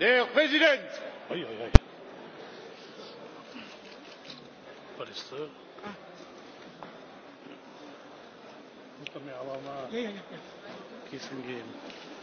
Der Präsident! Oi, oi, oi. Wat is er? Ah. Moeten we allemaal ja, ja, ja. kiffen gehen.